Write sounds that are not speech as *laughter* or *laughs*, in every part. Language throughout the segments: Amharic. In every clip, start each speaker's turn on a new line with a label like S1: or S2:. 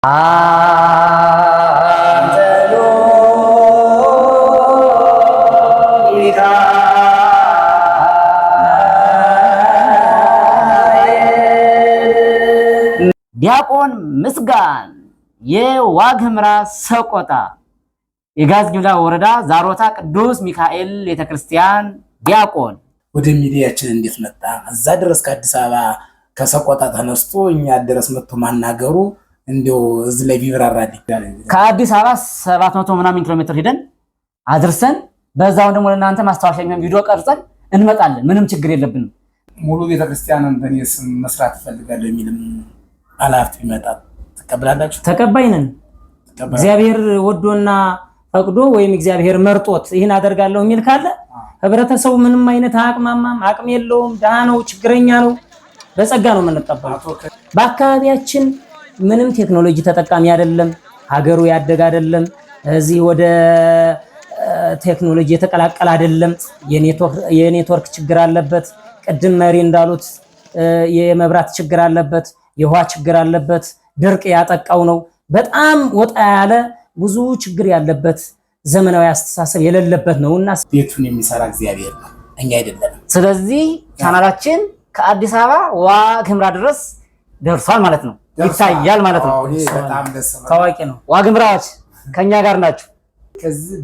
S1: ዲያቆን
S2: ምስጋን የዋግምራ ሰቆጣ የጋዝ ግብላ ወረዳ ዛሮታ ቅዱስ ሚካኤል ቤተክርስቲያን ዲያቆን።
S3: ወደ ሚዲያችን እንዴት መጣ? እዛ ድረስ ከአዲስ አበባ ከሰቆጣ ተነስቶ እኛ ድረስ መጥቶ ማናገሩ እንዲያው እዚህ ላይ ቢብራራልኝ
S2: ከአዲስ አበባ ሰባት መቶ ምናምን ኪሎ ሜትር ሂደን አድርሰን በዛውን ደግሞ ለእናንተ ማስታወሻ የሚሆን ቪዲዮ ቀርጸን እንመጣለን። ምንም ችግር የለብንም።
S3: ሙሉ ቤተክርስቲያንን በእኔ ስም መስራት እፈልጋለሁ የሚልም አላፍት ቢመጣ ትቀብላላችሁ?
S2: ተቀባይ እግዚአብሔር ወዶና ፈቅዶ ወይም እግዚአብሔር መርጦት ይህን አደርጋለሁ የሚል ካለ ህብረተሰቡ ምንም አይነት አቅማማም አቅም የለውም፣ ድሃ ነው፣ ችግረኛ ነው። በጸጋ ነው የምንቀበለው በአካባቢያችን ምንም ቴክኖሎጂ ተጠቃሚ አይደለም። ሀገሩ ያደገ አይደለም። እዚህ ወደ ቴክኖሎጂ የተቀላቀለ አይደለም። የኔትወርክ ችግር አለበት። ቅድም መሪ እንዳሉት የመብራት ችግር አለበት። የውሃ ችግር አለበት። ድርቅ ያጠቃው ነው። በጣም ወጣ ያለ ብዙ ችግር ያለበት ዘመናዊ አስተሳሰብ የሌለበት ነው እና
S3: ቤቱን የሚሰራ እግዚአብሔር ነው፣ እኛ አይደለም።
S2: ስለዚህ ቻናላችን ከአዲስ አበባ ዋ ክምራ ድረስ ደርሷል ማለት ነው። ይታያል ማለት ነው። ታዋቂ ነው። ዋግምራዎች ከኛ ጋር ናቸው።
S3: ከዚህ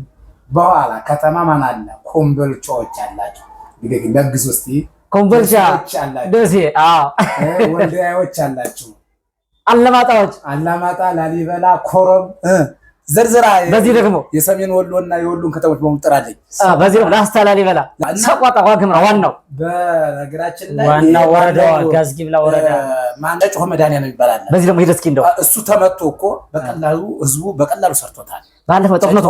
S3: በኋላ ከተማ ማን አለ? ኮምቦልቻዎች አላቸው። እንግዲህ ደግስ ውስጥ
S2: ኮምቦልቻ፣ ደሴ፣
S3: ወልዳያዎች አላቸው።
S2: አላማጣዎች፣
S3: አላማጣ፣ ላሊበላ፣ ኮረም ዝርዝራ በዚህ ደግሞ የሰሜን ወሎ እና የወሎን ከተሞች በሙሉ
S2: በዚህ ደግሞ ላስታ፣ ላሊበላ፣ ሰቆጣ፣ ዋግምራ ዋናው
S3: በነገራችን
S2: ላይ ዋናው ወረዳዋ ጋዝጊብላ ወረዳ ይባላል። በዚህ ደግሞ እንደው
S3: እሱ ተመቶ እኮ በቀላሉ ህዝቡ በቀላሉ ሰርቶታል። ባለፈው ጦርነቱ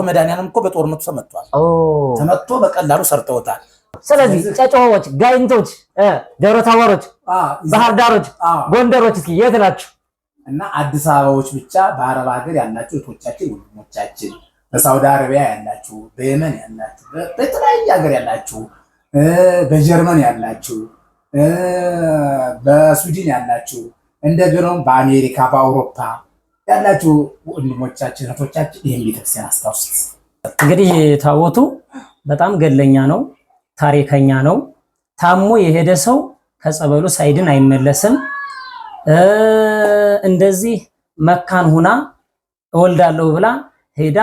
S3: እኮ በጦርነቱ ተመቷል። ተመቶ በቀላሉ ሰርተውታል።
S2: ስለዚህ ጋይንቶች፣ ባህር ዳሮች፣ ጎንደሮች እስኪ የት ናቸው
S3: እና አዲስ አበባዎች ብቻ በአረብ ሀገር ያላችሁ እህቶቻችን ወንድሞቻችን፣ በሳውዲ አረቢያ ያላችሁ፣ በየመን ያላችሁ፣ በተለያየ ሀገር ያላችሁ፣ በጀርመን ያላችሁ፣ በስዊድን ያላችሁ፣ እንደገናም በአሜሪካ በአውሮፓ ያላችሁ ወንድሞቻችን እህቶቻችን ይህም ቤተክርስቲያን አስታውሱት።
S2: እንግዲህ ታቦቱ በጣም ገለኛ ነው፣ ታሪከኛ ነው። ታሞ የሄደ ሰው ከጸበሉ ሳይድን አይመለስም። እንደዚህ መካን ሁና እወልዳለሁ ብላ ሄዳ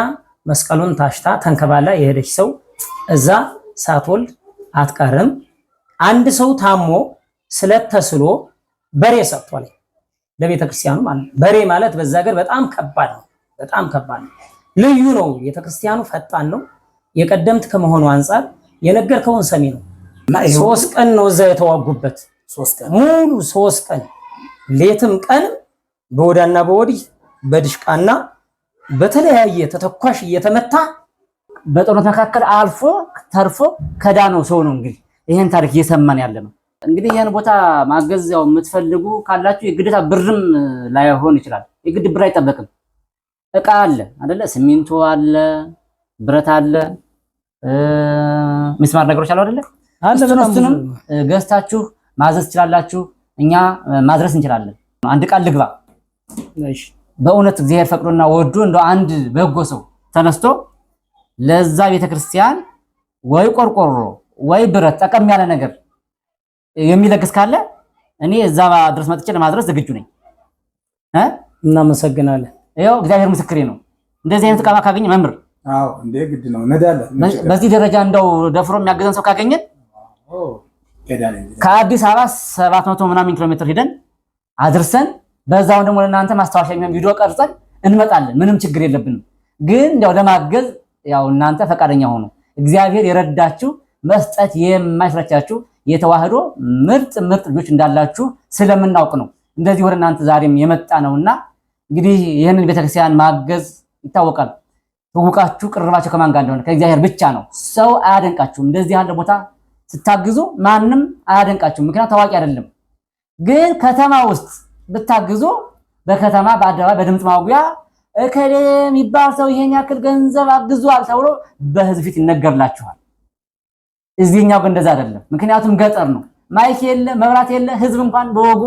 S2: መስቀሉን ታሽታ ተንከባላ የሄደች ሰው እዛ ሳትወልድ አትቀርም። አንድ ሰው ታሞ ስለት ተስሎ በሬ ሰጥቷል ለቤተ ክርስቲያኑ ማለት ነው። በሬ ማለት በዛ ሀገር በጣም ከባድ ነው፣ በጣም ከባድ ነው። ልዩ ነው። ቤተ ክርስቲያኑ ፈጣን ነው። የቀደምት ከመሆኑ አንጻር የነገርከውን ሰሚ ነው። ሶስት ቀን ነው እዛ የተዋጉበት ሙሉ ሶስት ቀን ሌትም ቀንም በወዳና በወዲህ በድሽቃና በተለያየ ተተኳሽ እየተመታ በጦርነት መካከል አልፎ ተርፎ ከዳነው ሰው ነው እንግዲህ ይህን ታሪክ እየሰማን ያለ ነው። እንግዲህ ይህን ቦታ ማገዝ ያው የምትፈልጉ ካላችሁ የግዴታ ብርም ላይሆን ይችላል። የግድ ብር አይጠበቅም። እቃ አለ አደለ? ሲሚንቶ አለ፣ ብረት አለ፣ ሚስማር ነገሮች አሉ አደለ? እሱንም ገዝታችሁ ማዘዝ ትችላላችሁ። እኛ ማድረስ እንችላለን። አንድ ቃል ልግባ። በእውነት እግዚአብሔር ፈቅዶና ወዶ እንደ አንድ በጎ ሰው ተነስቶ ለዛ ቤተክርስቲያን ወይ ቆርቆሮ ወይ ብረት ጠቀም ያለ ነገር የሚለግስ ካለ እኔ እዛ ድረስ መጥቼ ለማድረስ ዝግጁ ነኝ። እናመሰግናለን። ይኸው እግዚአብሔር ምስክሬ ነው። እንደዚህ አይነት ቃማ ካገኘ መምህር፣ ግድ ነው። በዚህ ደረጃ እንደው ደፍሮ የሚያገዘን ሰው ካገኘን ከአዲስ አበባ ሰባት መቶ ምናምን ኪሎ ሜትር ሂደን አድርሰን በዛውን ደግሞ ለእናንተ ማስታወሻ የሚሆን ቪዲዮ ቀርጸን እንመጣለን። ምንም ችግር የለብንም። ግን ያው ለማገዝ ያው እናንተ ፈቃደኛ ሆኑ። እግዚአብሔር የረዳችሁ መስጠት የማይሰለቻችሁ የተዋህዶ ምርጥ ምርጥ ልጆች እንዳላችሁ ስለምናውቅ ነው እንደዚህ ወደ እናንተ ዛሬም የመጣ ነውና እንግዲህ ይህንን ቤተክርስቲያን ማገዝ ይታወቃል። ትውቃችሁ ቅርባችሁ ከማን ጋር እንደሆነ ከእግዚአብሔር ብቻ ነው። ሰው አያደንቃችሁም። እንደዚህ ያለ ቦታ ስታግዙ ማንም አያደንቃችሁም፣ ምክንያት ታዋቂ አይደለም። ግን ከተማ ውስጥ ብታግዙ በከተማ በአደባባይ በድምፅ ማጉያ እከሌ የሚባል ሰው ይሄን ያክል ገንዘብ አግዟል ተብሎ በህዝብ ፊት ይነገርላችኋል። እዚህኛው ግን እንደዛ አይደለም፣ ምክንያቱም ገጠር ነው። ማይክ የለ፣ መብራት የለ፣ ህዝብ እንኳን በወጉ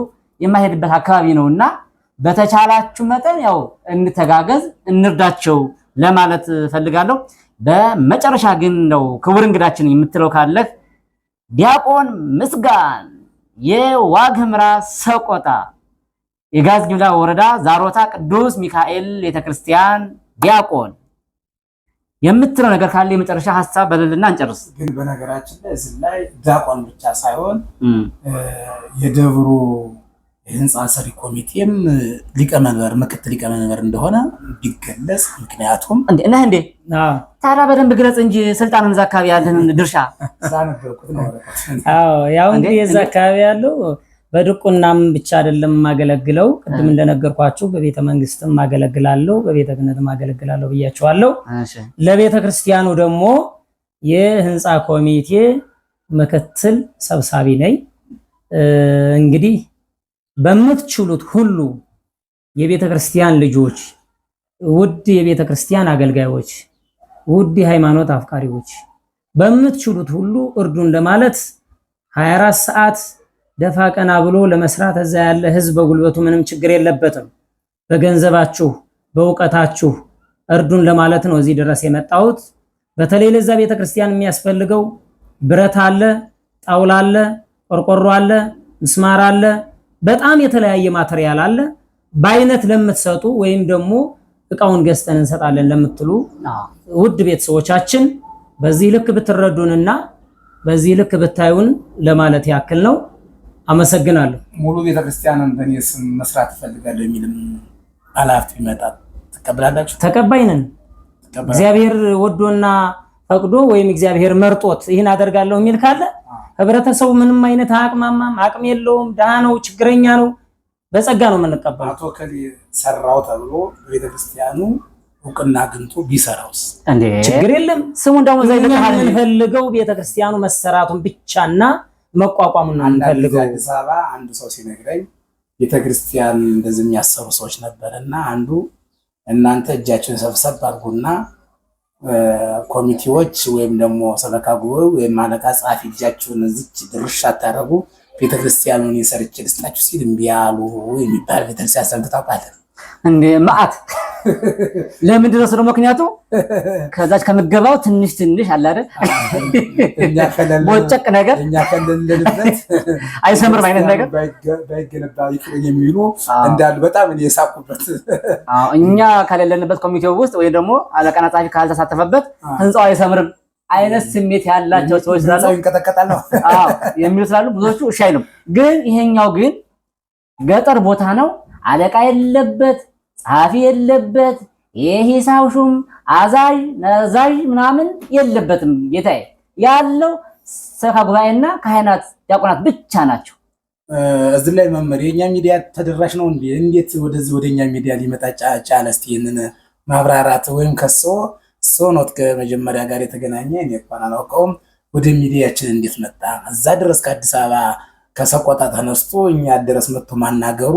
S2: የማይሄድበት አካባቢ ነው እና በተቻላችሁ መጠን ያው እንተጋገዝ፣ እንርዳቸው ለማለት ፈልጋለሁ። በመጨረሻ ግን ነው ክቡር እንግዳችን የምትለው ካለህ ዲያቆን ምስጋን የዋግምራ ሰቆጣ የጋዝ ግብላ ወረዳ ዛሮታ ቅዱስ ሚካኤል ቤተክርስቲያን ዲያቆን የምትለው ነገር ካለ የመጨረሻ ሀሳብ በልልና እንጨርስ።
S3: ግን በነገራችን ላይ እዚህ ላይ ዲያቆን ብቻ ሳይሆን የደብሩ የህንፃ ሰሪ ኮሚቴም ሊቀመንበር ምክትል ሊቀመንበር እንደሆነ ቢገለጽ። ምክንያቱም
S2: ነህ እንዴ? ታዲያ በደንብ ግለጽ እንጂ ስልጣንን እዛ አካባቢ ያለን ድርሻ። ያው እንግዲህ የዛ አካባቢ ያለው በድቁናም ብቻ አይደለም የማገለግለው። ቅድም እንደነገርኳችሁ በቤተ መንግስትም ማገለግላለሁ፣ በቤተ ክህነትም ማገለግላለሁ ብያችኋለሁ። ለቤተ ክርስቲያኑ ደግሞ የህንፃ ኮሚቴ ምክትል ሰብሳቢ ነኝ እንግዲህ በምትችሉት ሁሉ የቤተ ክርስቲያን ልጆች፣ ውድ የቤተ ክርስቲያን አገልጋዮች፣ ውድ የሃይማኖት አፍቃሪዎች በምትችሉት ሁሉ እርዱን ለማለት 24 ሰዓት ደፋ ቀና ብሎ ለመስራት እዛ ያለ ህዝብ በጉልበቱ ምንም ችግር የለበትም። በገንዘባችሁ በእውቀታችሁ እርዱን ለማለት ነው እዚህ ድረስ የመጣሁት። በተለይ ለዛ ቤተ ክርስቲያን የሚያስፈልገው ብረት አለ፣ ጣውላ አለ፣ ቆርቆሮ አለ፣ ምስማር አለ በጣም የተለያየ ማቴሪያል አለ። በአይነት ለምትሰጡ ወይም ደግሞ እቃውን ገዝተን እንሰጣለን ለምትሉ ውድ ቤተሰቦቻችን በዚህ ልክ ብትረዱንና በዚህ ልክ ብታዩን ለማለት ያክል ነው። አመሰግናለሁ።
S3: ሙሉ ቤተክርስቲያንን በእኔ ስም መስራት እፈልጋለሁ የሚልም አላፍት ቢመጣ ትቀብላላችሁ?
S2: ተቀባይ ነን። እግዚአብሔር ወዶና ፈቅዶ ወይም እግዚአብሔር መርጦት ይህን አደርጋለሁ የሚል ካለ ህብረተሰቡ ምንም አይነት አቅማማም አቅም የለውም፣ ድሃ ነው፣ ችግረኛ ነው። በጸጋ ነው የምንቀበለው።
S3: አቶ ከሌ ሰራው ተብሎ ቤተክርስቲያኑ እውቅና አግኝቶ ቢሰራውስ
S2: ችግር የለም። ስሙ እንዳውም እዛ የምንፈልገው ቤተክርስቲያኑ መሰራቱን ብቻና መቋቋሙን ነው
S3: የምንፈልገው። አዲስ አበባ አንድ ሰው ሲነግረኝ ቤተክርስቲያን እንደዚህ የሚያሰሩ ሰዎች ነበርና አንዱ እናንተ እጃችሁን ሰብሰብ አድርጉና ኮሚቴዎች ወይም ደግሞ ሰበካ ጉባኤ ወይም አለቃ ጸሐፊ እጃችሁን እዚች ድርሻ አታረጉ ቤተክርስቲያኑን የሰርች ልስጣችሁ ሲል እምቢ አሉ የሚባል ቤተክርስቲያን ሰምተህ ታውቃለህ?
S2: እንደ መዓት ለምንድን ነው ስለው ምክንያቱ ከዛች ከምገባው ትንሽ ትንሽ አለ አይደል ወጨቅ ነገር አይሰምርም አይነት ነገር
S3: ባይገነባ ይቅር የሚሉ እንዳሉ በጣም እኔ የሳቁበት።
S2: እኛ ከሌለንበት ኮሚቴው ውስጥ ወይ ደግሞ አለቃና ጸሐፊ ካልተሳተፈበት ህንፃው አይሰምርም አይነት ስሜት ያላቸው
S3: ሰዎች ስላሉ ይንቀጠቀጣል ነው
S2: የሚሉ ስላሉ ብዙዎቹ እሺ አይሉም። ግን ይሄኛው ግን ገጠር ቦታ ነው አለቃ የለበት ጸሐፊ የለበት የሂሳብ ሹም አዛዥ ነዛዥ ምናምን የለበትም ጌታዬ። ያለው ሰበካ ጉባኤና ካህናት ዲያቆናት ብቻ ናቸው።
S3: እዚህ ላይ መምህር የእኛ ሚዲያ ተደራሽ ነው እንዴ? እንዴት ወደዚህ ወደኛ ሚዲያ ሊመጣ ጫለ? እስኪ ይህንን ማብራራት ወይም ከሶ ሶኖት ከመጀመሪያ ጋር የተገናኘ እኔ እንኳን አላውቀውም። ወደ ሚዲያችን እንዴት መጣ? እዛ ድረስ ከአዲስ አበባ ከሰቆጣ ተነስቶ እኛ ድረስ መጥቶ ማናገሩ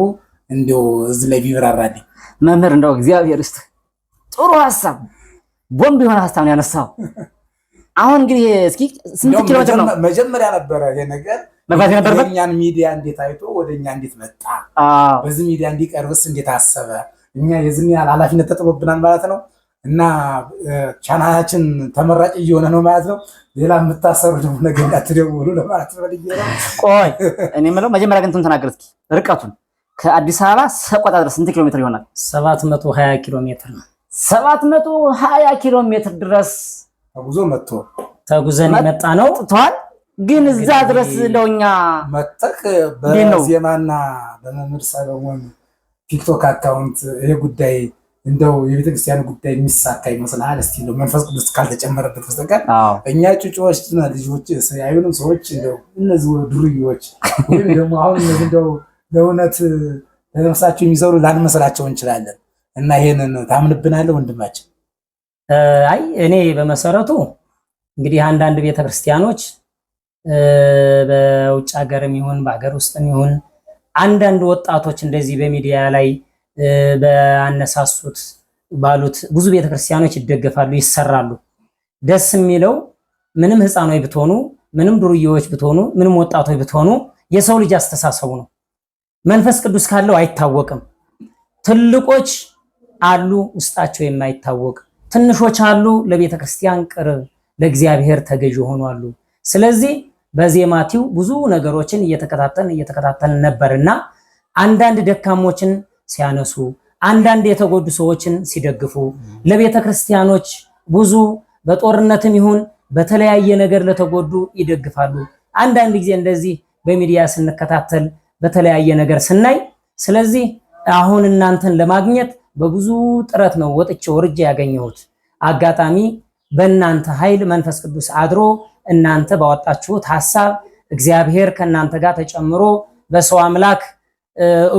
S3: እንዲያው እዚህ ላይ ቢብራራልኝ
S2: መምህር፣ እንደው እግዚአብሔር ይስጥ። ጥሩ ሀሳብ፣ ቦምብ የሆነ ሀሳብ ነው ያነሳው። አሁን እንግዲህ እስኪ ስንት ኪሎ ሜትር ነው
S3: መጀመሪያ ነበረ ይሄ ነገር መግባት የነበረበት? እኛን ሚዲያ እንዴት አይቶ ወደ እኛ እንዴት መጣ? በዚህ ሚዲያ እንዲቀርብስ እንዴት አሰበ? እኛ የዚህን ያህል ኃላፊነት ተጥሎብናል ማለት ነው። እና ቻናላችን ተመራጭ እየሆነ ነው ማለት ነው። ሌላ የምታሰሩ ደግሞ ነገር እንዳትደውሉ ለማለት
S2: ነው። ቆይ እኔ የምለው መጀመሪያ ግን እንትን ተናገር እስኪ ርቀቱን ከአዲስ አበባ ሰቆጣ ድረስ ስንት ኪሎ ሜትር ይሆናል? 720 ኪሎ ሜትር ነው። 720 ኪሎ ሜትር ድረስ ተጉዞ መጥቶ ተጉዘን የመጣ ነው ጥቷል። ግን እዛ ድረስ ለውኛ
S3: መጠቅ በዜማና በመምህር ሰለሞን ቲክቶክ አካውንት ይሄ ጉዳይ እንደው የቤተክርስቲያን ጉዳይ የሚሳካ ይመስልሃል? እስቲ እንደው መንፈስ ቅዱስ ካልተጨመረበት በስተቀር እኛ ጩጮዎች ልጆች አይሆንም። ሰዎች እንደው እነዚህ ዱርዮች ወይም ደግሞ አሁን እነዚህ እንደው በእውነት ለነፍሳቸው የሚሰሩ ላንመስላቸው እንችላለን እና ይሄንን ታምንብናለህ ወንድማችን?
S2: አይ እኔ በመሰረቱ እንግዲህ አንዳንድ ቤተክርስቲያኖች በውጭ ሀገርም ይሁን በሀገር ውስጥም ይሁን አንዳንድ ወጣቶች እንደዚህ በሚዲያ ላይ በአነሳሱት ባሉት ብዙ ቤተክርስቲያኖች ይደገፋሉ፣ ይሰራሉ። ደስ የሚለው ምንም ህፃኖች ብትሆኑ ምንም ዱርዬዎች ብትሆኑ ምንም ወጣቶች ብትሆኑ የሰው ልጅ አስተሳሰቡ ነው። መንፈስ ቅዱስ ካለው አይታወቅም። ትልቆች አሉ ውስጣቸው የማይታወቅ ትንሾች አሉ ለቤተ ክርስቲያን ቅርብ ለእግዚአብሔር ተገዥ ሆኖ አሉ። ስለዚህ በዜማቲው ብዙ ነገሮችን እየተከታተልን እየተከታተልን ነበር እና አንዳንድ ደካሞችን ሲያነሱ፣ አንዳንድ የተጎዱ ሰዎችን ሲደግፉ፣ ለቤተ ክርስቲያኖች ብዙ በጦርነትም ይሁን በተለያየ ነገር ለተጎዱ ይደግፋሉ። አንዳንድ ጊዜ እንደዚህ በሚዲያ ስንከታተል በተለያየ ነገር ስናይ፣ ስለዚህ አሁን እናንተን ለማግኘት በብዙ ጥረት ነው ወጥቼ ወርጄ ያገኘሁት። አጋጣሚ በእናንተ ኃይል መንፈስ ቅዱስ አድሮ እናንተ ባወጣችሁት ሐሳብ እግዚአብሔር ከእናንተ ጋር ተጨምሮ በሰው አምላክ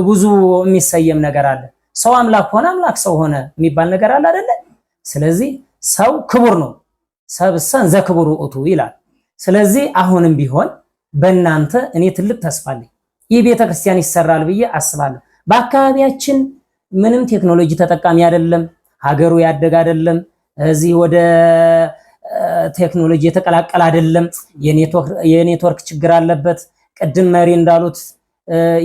S2: ብዙ የሚሰየም ነገር አለ። ሰው አምላክ ሆነ አምላክ ሰው ሆነ የሚባል ነገር አለ አይደለ? ስለዚህ ሰው ክቡር ነው። ሰብሰን ዘክቡር ውእቱ ይላል። ስለዚህ አሁንም ቢሆን በእናንተ እኔ ትልቅ ተስፋ አለኝ። ይህ ቤተ ክርስቲያን ይሰራል ብዬ አስባለሁ። በአካባቢያችን ምንም ቴክኖሎጂ ተጠቃሚ አይደለም። ሀገሩ ያደገ አይደለም። እዚህ ወደ ቴክኖሎጂ የተቀላቀለ አይደለም። የኔትወርክ ችግር አለበት። ቅድም መሪ እንዳሉት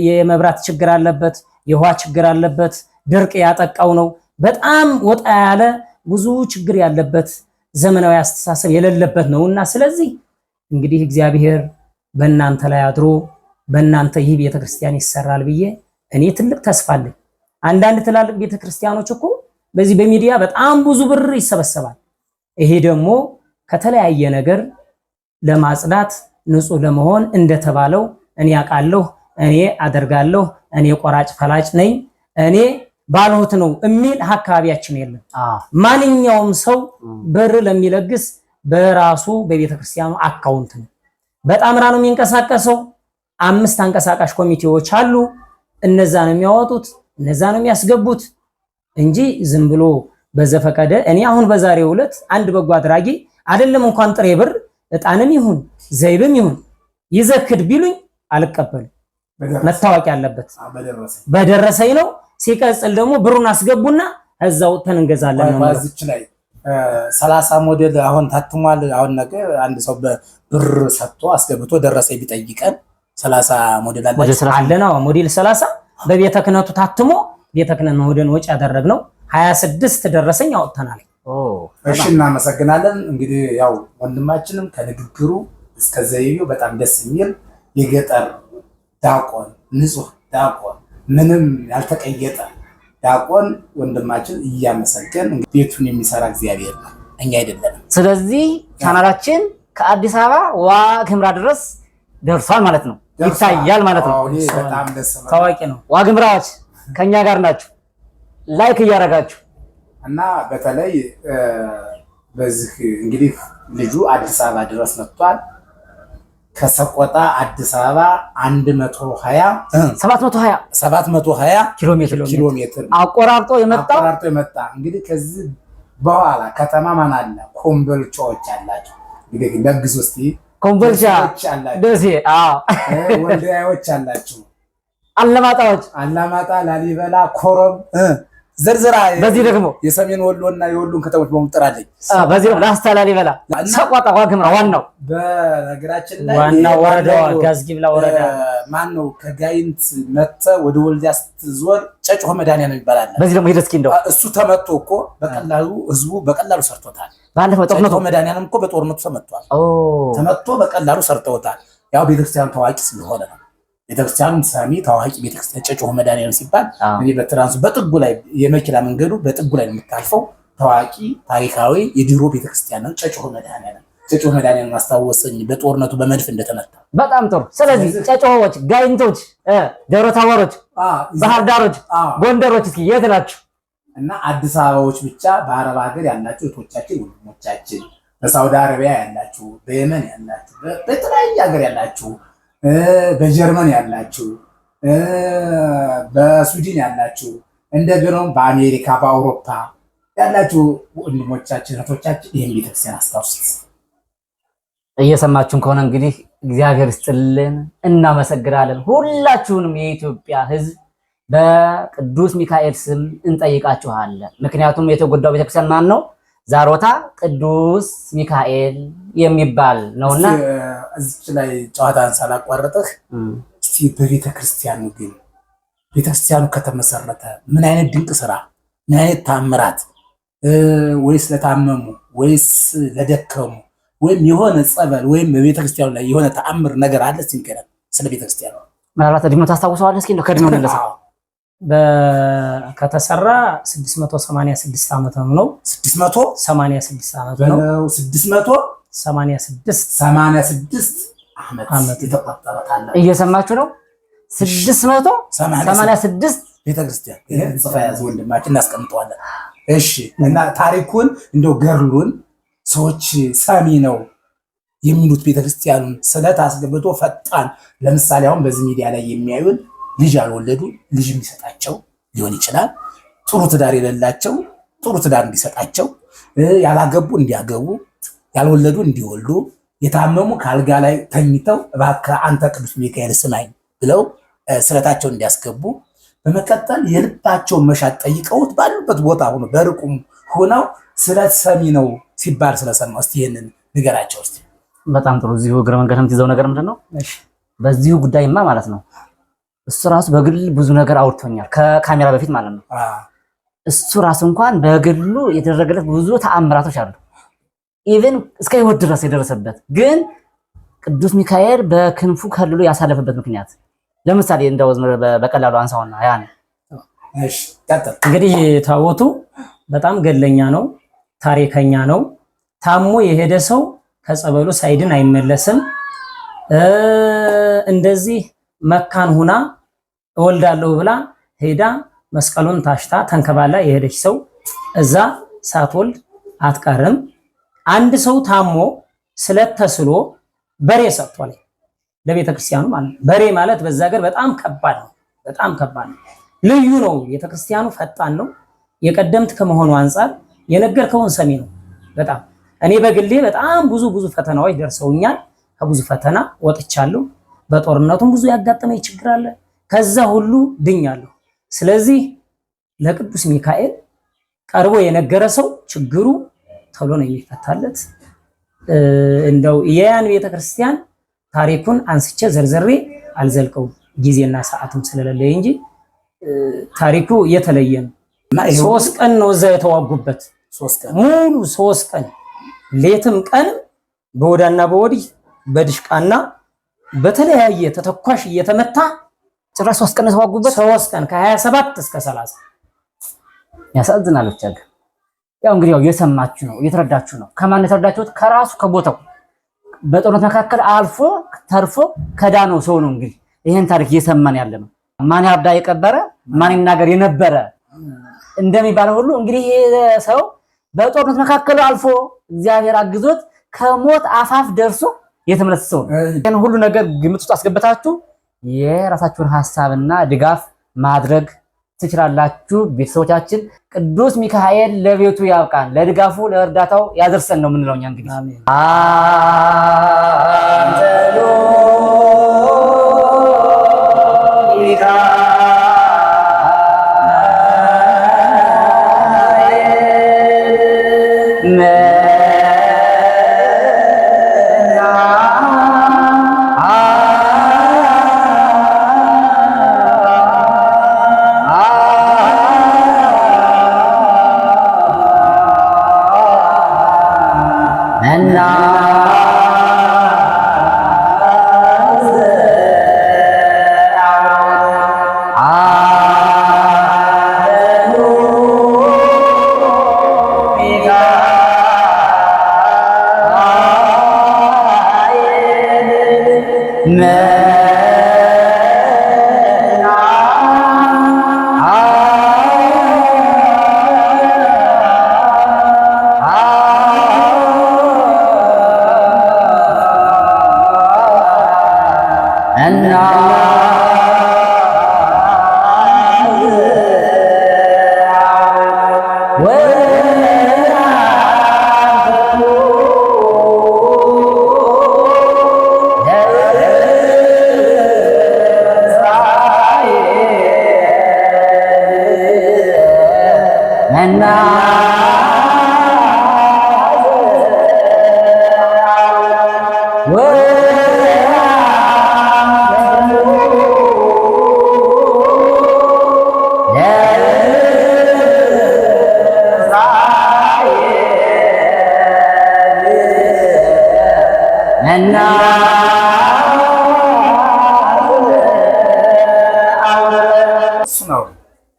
S2: የመብራት ችግር አለበት፣ የውሃ ችግር አለበት። ድርቅ ያጠቃው ነው። በጣም ወጣ ያለ ብዙ ችግር ያለበት ዘመናዊ አስተሳሰብ የሌለበት ነው እና ስለዚህ እንግዲህ እግዚአብሔር በእናንተ ላይ አድሮ በእናንተ ይህ ቤተክርስቲያን ይሰራል ብዬ እኔ ትልቅ ተስፋ አለኝ። አንዳንድ ትላልቅ ቤተክርስቲያኖች እኮ በዚህ በሚዲያ በጣም ብዙ ብር ይሰበሰባል። ይሄ ደግሞ ከተለያየ ነገር ለማጽዳት ንጹህ ለመሆን እንደተባለው እኔ አውቃለሁ፣ እኔ አደርጋለሁ፣ እኔ ቆራጭ ፈላጭ ነኝ፣ እኔ ባልሆት ነው የሚል አካባቢያችን የለም። ማንኛውም ሰው ብር ለሚለግስ በራሱ በቤተክርስቲያኑ አካውንት ነው። በጣምራ ነው የሚንቀሳቀሰው። አምስት አንቀሳቃሽ ኮሚቴዎች አሉ። እነዛ ነው የሚያወጡት፣ እነዛ ነው የሚያስገቡት እንጂ ዝም ብሎ በዘፈቀደ እኔ አሁን በዛሬው ዕለት አንድ በጎ አድራጊ አይደለም እንኳን ጥሬ ብር እጣንም ይሁን ዘይብም ይሁን ይዘክድ ቢሉኝ አልቀበልም። መታወቂያ አለበት፣ በደረሰኝ ነው። ሲቀጽል ደግሞ ብሩን አስገቡና እዛው ተን እንገዛለን
S3: ነው ሰላሳ ሞዴል አሁን ታትሟል። አሁን ነገ አንድ ሰው በብር ሰጥቶ አስገብቶ ደረሰኝ ቢጠይቀን ሰላሳ ሞዴል
S2: አላችሁ አለ ነው ሞዴል ሰላሳ በቤተ ክህነቱ ታትሞ ቤተ ክህነቱ ወደን ወጪ ያደረግነው ሀያ ስድስት ደረሰኝ አወጥተናል።
S3: እሺ እናመሰግናለን። እንግዲህ ያው ወንድማችንም ከንግግሩ እስከ ዘይቤው በጣም ደስ የሚል የገጠር ዳቆን ንጹህ ዳቆን ምንም ያልተቀየጠ ዳቆን ወንድማችን እያመሰገን ቤቱን የሚሰራ እግዚአብሔር ነው፣ እኛ አይደለንም።
S2: ስለዚህ ቻናላችን ከአዲስ አበባ ዋ ክምራ ድረስ ደርሷል ማለት ነው። ይታያል ማለት ነው። ታዋቂ ነው። ዋግምራዎች ከኛ ጋር ናችሁ፣ ላይክ እያደረጋችሁ
S3: እና በተለይ በዚህ እንግዲህ ልጁ አዲስ አበባ ድረስ መጥቷል። ከሰቆጣ አዲስ አበባ
S2: 720 ኪሎ ሜትር አቆራርጦ የመጣ
S3: እንግዲህ ከዚህ በኋላ ከተማ ማን አለ? ኮምቦልቻዎች አላቸው። እንግዲህ ለግዝ ውስጥ
S2: ኮምቦልቻ፣ ደሴ፣
S3: ወልዲያዎች አላችሁ፣
S2: አላማጣዎች፣
S3: አላማጣ፣ ላሊበላ፣ ኮረም ዘርዘራ በዚህ ደግሞ የሰሜን ወሎ እና የወሎን ከተሞች በሙሉ ጥራለኝ።
S2: በዚህ ደግሞ ላስታ፣ ላሊበላ፣ ሰቆጣ፣ ዋግምራ ዋናው
S3: በነገራችን
S2: ላይ ዋናው ጋዝጊብላ ወረዳ
S3: ማን ነው? ከጋይንት ወደ ወልዲያ ስትዞር ጨጭሆ መድኃኒያ ነው ይባላል።
S2: በዚህ ደግሞ እንደው
S3: እሱ ተመቶ እኮ በቀላሉ ህዝቡ በቀላሉ ሰርቶታል። ባለፈው ጦርነቱ መድኃኒያንም እኮ በጦርነቱ ተመቷል። ተመቶ በቀላሉ ሰርተውታል። ያው ቤተክርስቲያን ታዋቂ ስለሆነ ነው ቤተክርስቲያን ሳሚ ታዋቂ ቤተክርስቲያን ጨጮሆ መድኃኔዓለም ሲባል እኔ በትራንሱ በጥጉ ላይ የመኪና መንገዱ በጥጉ ላይ የምታልፈው ታዋቂ ታሪካዊ የድሮ ቤተክርስቲያን ነው። ጨጮሆ መድኃኔዓለም ጨጮሆ መድኃኔዓለም አስታወሰኝ በጦርነቱ በመድፍ እንደተመታ።
S2: በጣም ጥሩ። ስለዚህ ጨጮሆዎች፣ ጋይንቶች፣ ደብረ ታቦሮች፣ ባህር ዳሮች፣ ጎንደሮች እስኪ የት ናችሁ?
S3: እና አዲስ አበባዎች ብቻ በአረብ ሀገር ያላችሁ እህቶቻችን ወንድሞቻችን፣ በሳውዲ አረቢያ ያላችሁ፣ በየመን ያላችሁ፣ በተለያየ ሀገር ያላችሁ በጀርመን ያላችሁ፣ በስዊድን ያላችሁ፣ እንደገናም በአሜሪካ በአውሮፓ ያላችሁ ወንድሞቻችን እህቶቻችን ይህን ቤተክርስቲያን አስታውሱት።
S2: እየሰማችሁን ከሆነ እንግዲህ እግዚአብሔር ይስጥልን፣ እናመሰግናለን። ሁላችሁንም የኢትዮጵያ ሕዝብ በቅዱስ ሚካኤል ስም እንጠይቃችኋለን። ምክንያቱም የተጎዳው ቤተክርስቲያን ማን ነው? ዛሮታ ቅዱስ ሚካኤል የሚባል
S3: ነውና እዚች ላይ ጨዋታን ሳላቋረጥህ እስቲ በቤተ ክርስቲያኑ ግን ቤተ ክርስቲያኑ ከተመሰረተ ምን አይነት ድንቅ ስራ፣ ምን አይነት ታምራት ወይስ ለታመሙ ወይስ ለደከሙ ወይም የሆነ ጸበል ወይም በቤተ ክርስቲያኑ ላይ የሆነ ተአምር ነገር አለ? ሲንገረ ስለ ቤተ ክርስቲያኑ።
S2: ምናልባት ድግሞ ታስታውሰዋለህ? እስኪ ከድኖ መለሰ *laughs* ከተሰራ 686 ዓመት ነው። ነው
S3: 686 ዓመት ነው። 686
S2: 86
S3: ዓመት የተቆጠረ
S2: እየሰማችሁ ነው። 686
S3: ቤተክርስቲያን ይህን ጽፋ ያዝ ወንድማችን እናስቀምጠዋለን። እሺ እና ታሪኩን እንደው ገርሉን ሰዎች ሰሚ ነው የሚሉት ቤተክርስቲያኑን ስለት አስገብቶ ፈጣን ለምሳሌ አሁን በዚህ ሚዲያ ላይ የሚያዩን ልጅ ያልወለዱ ልጅ የሚሰጣቸው ሊሆን ይችላል። ጥሩ ትዳር የሌላቸው ጥሩ ትዳር እንዲሰጣቸው፣ ያላገቡ እንዲያገቡ፣ ያልወለዱ እንዲወሉ፣ የታመሙ ከአልጋ ላይ ተኝተው እባክህ አንተ ቅዱስ ሚካኤል ስማኝ ብለው ስለታቸው እንዲያስገቡ፣ በመቀጠል የልባቸውን መሻት ጠይቀውት ባሉበት ቦታ ሆኖ በርቁም ሆነው ስለሰሚ ሰሚ ነው ሲባል ስለሰማ እስኪ ይህንን ንገራቸው። እስኪ
S2: በጣም ጥሩ። እዚሁ እግረ መንገድ የምትይዘው ነገር ምንድን ነው? በዚሁ ጉዳይማ ማለት ነው እሱ ራሱ በግል ብዙ ነገር አውርቶኛል፣ ከካሜራ በፊት ማለት ነው። እሱ ራሱ እንኳን በግሉ የተደረገለት ብዙ ተአምራቶች አሉ። ኢቨን እስከ ህይወት ድረስ የደረሰበት ግን ቅዱስ ሚካኤል በክንፉ ከልሎ ያሳለፈበት ምክንያት ለምሳሌ እንደው በቀላሉ አንሳውና ያ እንግዲህ ታቦቱ በጣም ገለኛ ነው፣ ታሪከኛ ነው። ታሞ የሄደ ሰው ከጸበሉ ሳይድን አይመለስም። እንደዚህ መካን ሁና እወልዳለሁ ብላ ሄዳ መስቀሉን ታሽታ ተንከባላ የሄደች ሰው እዛ ሳትወልድ አትቀርም። አንድ ሰው ታሞ ስለት ተስሎ በሬ ሰጥቷል ለቤተ ክርስቲያኑ ማለት ነው። በሬ ማለት በዛ ገር በጣም ከባድ ነው፣ በጣም ከባድ ነው፣ ልዩ ነው። ቤተ ክርስቲያኑ ፈጣን ነው። የቀደምት ከመሆኑ አንጻር የነገርከውን ሰሚ ነው። በጣም እኔ በግሌ በጣም ብዙ ብዙ ፈተናዎች ደርሰውኛል። ከብዙ ፈተና ወጥቻለሁ። በጦርነቱም ብዙ ያጋጠመኝ ችግር አለ። ከዛ ሁሉ ድኛለሁ። ስለዚህ ለቅዱስ ሚካኤል ቀርቦ የነገረ ሰው ችግሩ ተብሎ ነው የሚፈታለት። እንደው የያን ቤተክርስቲያን ታሪኩን አንስቼ ዘርዝሬ አልዘልቀው ጊዜና ሰዓቱም ስለሌለኝ እንጂ ታሪኩ የተለየ ነው። ሶስት ቀን ነው እዛ የተዋጉበት ሙሉ ሶስት ቀን ሌትም ቀን በወዳና በወዲህ በድሽቃና በተለያየ ተተኳሽ እየተመታ ጭራሽ ሶስት ቀን የተዋጉበት ሶስት ቀን ከ27 እስከ 30 ያሳዝናል። ብቻ ግን ያው እንግዲህ ያው እየሰማችሁ ነው እየተረዳችሁ ነው። ከማን የተረዳችሁት? ከራሱ ከቦታው በጦርነት መካከል አልፎ ተርፎ ከዳነው ሰው ነው እንግዲህ ይህን ታሪክ እየሰማን ያለ ነው። ማን ያርዳ የቀበረ ማን ይናገር የነበረ እንደሚባለው ሁሉ እንግዲህ ሰው በጦርነት መካከል አልፎ እግዚአብሔር አግዞት ከሞት አፋፍ ደርሶ የተመለሰ ሰው ነው። ይህን ሁሉ ነገር ግምት ውስጥ አስገብታችሁ የራሳችሁን ሀሳብና ድጋፍ ማድረግ ትችላላችሁ። ቤተሰቦቻችን ቅዱስ ሚካኤል ለቤቱ ያብቃን፣ ለድጋፉ ለእርዳታው ያደርሰን ነው የምንለው እኛ እንግዲህ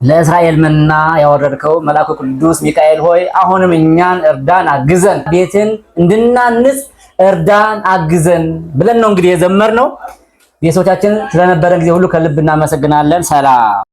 S2: ለእስራኤል መና ያወረድከው መልአኩ ቅዱስ ሚካኤል ሆይ አሁንም እኛን እርዳን፣ አግዘን፣ ቤትን እንድናንጽ እርዳን፣ አግዘን ብለን ነው እንግዲህ የዘመርነው። ቤተሰቦቻችን ስለነበረን ጊዜ ሁሉ ከልብ እናመሰግናለን። ሰላም